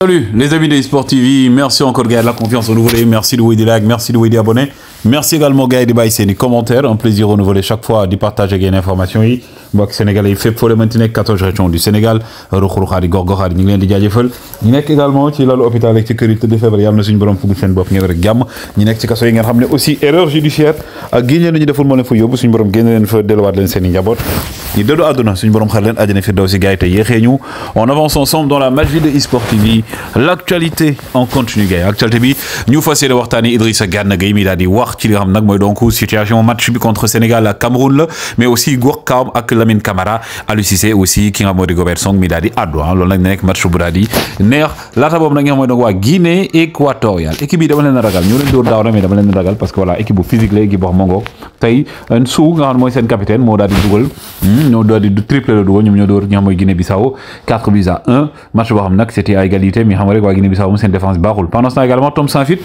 Salut les amis de eSport TV, merci encore Gaël de la confiance renouvelée, merci de vous des likes, merci de vous des merci également Gaël de baisser les commentaires, un plaisir renouvelé chaque fois de partager les l'information bok sénégalais yi fépp foo leen nekk 14 régions du Sénégal ruux-ruuxaat yi gox yi ñu ngi leen di jaajëfal ñu nekk également ci lalu hôpital ak ci kër yi tëdd feebar yàlla na suñu borom fugul seen bopp ngeen rek jàmm ñu nekk ci kaso yi ngeen xam ne aussi erreur judiciaire ak génne nañu deful moo leen fa yóbbu suñu borom génne leen fa delluwaat leen seen i njaboot ñi dëddu àdduna suñu borom xar leen àjjana firdawsi gars yi te yéexee ñu on avance ensemble dans la magie de e-sportive eSport TV l'actualité en continu gars yi actualité bi ñu fas yéene waxtaani Idrissa Gana Gueye mi daal di wax ci li nga xam nag mooy donc situation match bi contre Sénégal ak Cameroun la mais aussi Gourcam ak Lamine Camara Aliou Cissé aussi ki nga xam moo Song mi daal di addu ah. loolu nag nekk match bu daal di neex laata boobu nag nga xam mooy donc Guinée Équatorial équipe bi dama len ragal ñu len do daaw na mais dama len ragal parce que voilà équipe bu physique la équipe boo xam moo tey Nsou euh, nga xam mooy capitaine mo dadi dougal dugal hmm, ñoo daal di triple la dugal ñoom ñoo dóor ñam nga Guinée Bissau 4 buts à 1 match bo xam nak c'était à égalité mais xam nga rek waa Guinée Bissau mo sen défense baaxul pendant ce temps également Tom Sanfit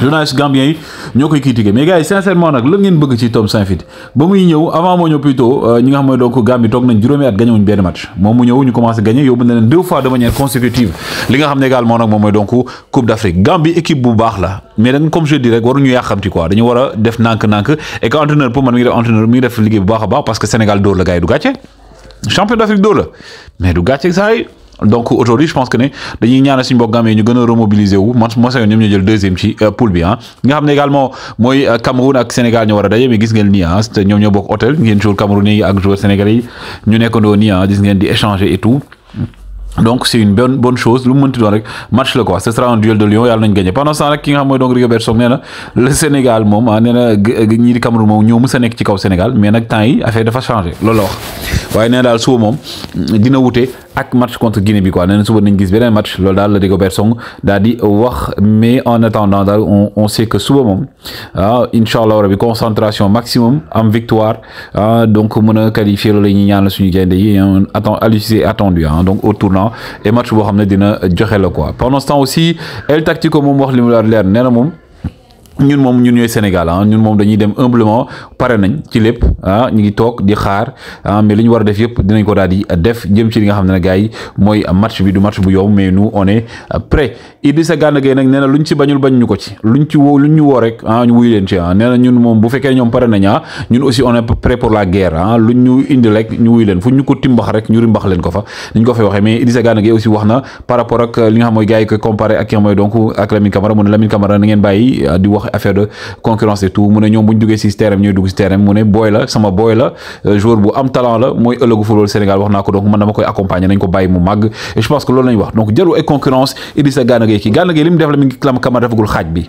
journaliste gambien yi ñoo koy critiqué mais gars yi sincèrement nag lan ngeen bëgg ci Tom Saintfiet ba muy ñëw avant moo ñëw plutôt euh, ñi nga xam ne donc Gambie toog nañ juróomi at gagné wuñ moom mooy donc Coupe d'Afrique Gambie équipe bu baax la mais dañ comme je dis rek waruñu yàqamti quoi dañu war a def nànk-nànk et que pour man mi ngi def entraîneur mi ngi def liggéey bu baax a baax parce que Sénégal dóor la gars yi du gàcce champion donc aujourd'hui je pense que ne dañuy ñaan suñu mbokk gamé ñu gëna remobiliser wu man moo sañoon ñoom ñu jël deuxième ci euh, poule bi hein nga xamné également moy euh, Cameroun ak Sénégal ñu wara a daje mais gis ngeen nii ah ñoom ñoo bokk hôtel ngeen jour Camerounais ak joueur sénégalais yi ñu nekkandoo ni hein ah, gis ngeen di échanger et tout donc c'est une bonne bonne chose lu mu mënti doon rek match la quoi ce sera un duel de Lions yalla nañ gagner pendant ce temps rek ki nga xam mooy donc Rigobert Song nee le Sénégal mom ah, néna ñi di Cameroun mom ñoo mës a nekk ci kaw Sénégal mais nak temps yi affaire dafa changé loolu la wax waaye nee daal suba moom dina wouté ak match contre Guinée bi quoi nee na suba nañ gis match lol dal la Dagobert Song daal di wax mais en attendant dal on on sait que suba mom ah rabi concentration maximum am victoire ah donc mën qualifier loolu la ñuy ñaanal suñu gaynde yi hein, attend halluciné attendu hein. donc au tournant et match bo xamné dina joxé la quoi pendant ce temps aussi El Tactico moom wax li mu leer nee na moom. ñun moom ñun ñooy Sénégal ah ñun moom dañuy dem humblement pare nañ ci lépp ah, ñu ngi toog di xaar ah mais li war a def yëpp dinañ ko daal di def jëm ci li nga xam ne ne gars mooy match bi du match bu yomb mais nous on est prêt Idrissa Gana Gueye nag nee na luñ ci bañul ko ci luñ ci woo luñ ñu woo ah, ah, moom bu fekkee ñoom pare nañ ah ñun aussi on est prêt pour la guerre ah luñ ñu indi ko timbax ak li nga xam mooy gars yi koy ak ki nga mooy donc ak Lamine Camara bàyyi di wax wax affaire de concurrence et tout mu ne ñoom bu ñu duggee terrain ñooy dugg ci terrain mu ne booy la sama boy la euh, joueur bu am talent la moy ëllëgu football Sénégal wax naa ko donc man dama koy accompagner nañ ko bàyyi mu mag et je pense que loolu lañ wax donc jëlu ay concurrence idissa Gana Gueye kii Gana Gueye li def la mi ngi Lamine Camara defagul xaaj bi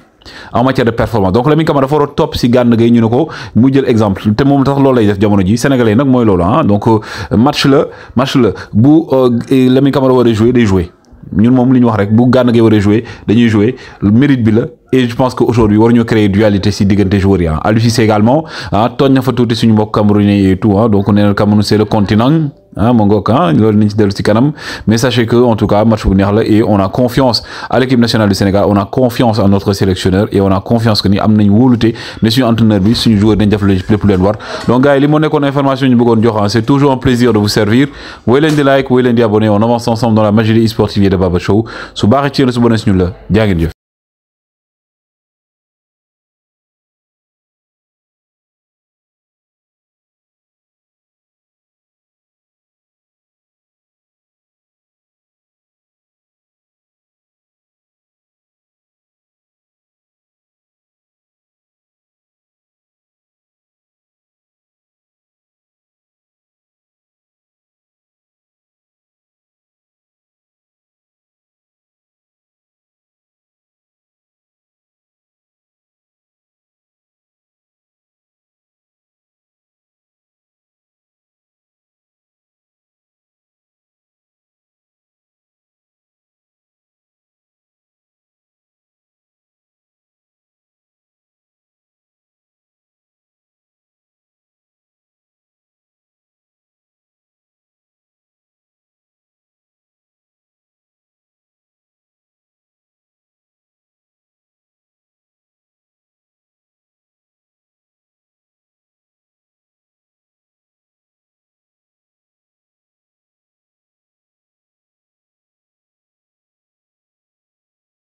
en matière de performance donc Lamine Camara dafa war a topp si ñu ne mu jël exemple té mom tax loolu lay def jamono ji sénégalais nak moy loolu hein donc euh, match la match la bu euh, Lamine Camara war a jouer day jouer ñun moom li ñu wax rek bu Gana Gueye war a jouer dañuy jouer mérite bi la et je pense que aujourd'hui war ñu créer dualité si diggante joueur yi ah Aliou également ah tooñ na fa tuuti suñu mbokk Camerounais et tout ah donc nee na Cameroun c'est le continent ah mon gars ah ci dellu ci kanam mais sachez que en tout cas match venir là la et on a confiance à l'équipe nationale du Sénégal on a confiance en notre sélectionneur et on a confiance que ni am nañ wóolute ne suñu entraîneur bi suñu joueur dañ def lépp lu leen war donc gars yi li qu'on a information ñu bëggoon jox hein, c'est toujours un plaisir de vous servir woy leen di like woy leen di abonnés on avance ensemble dans la magie des sportifs de Baba Show su barre ci yéen le bonee suñu la jaa ngeen jëf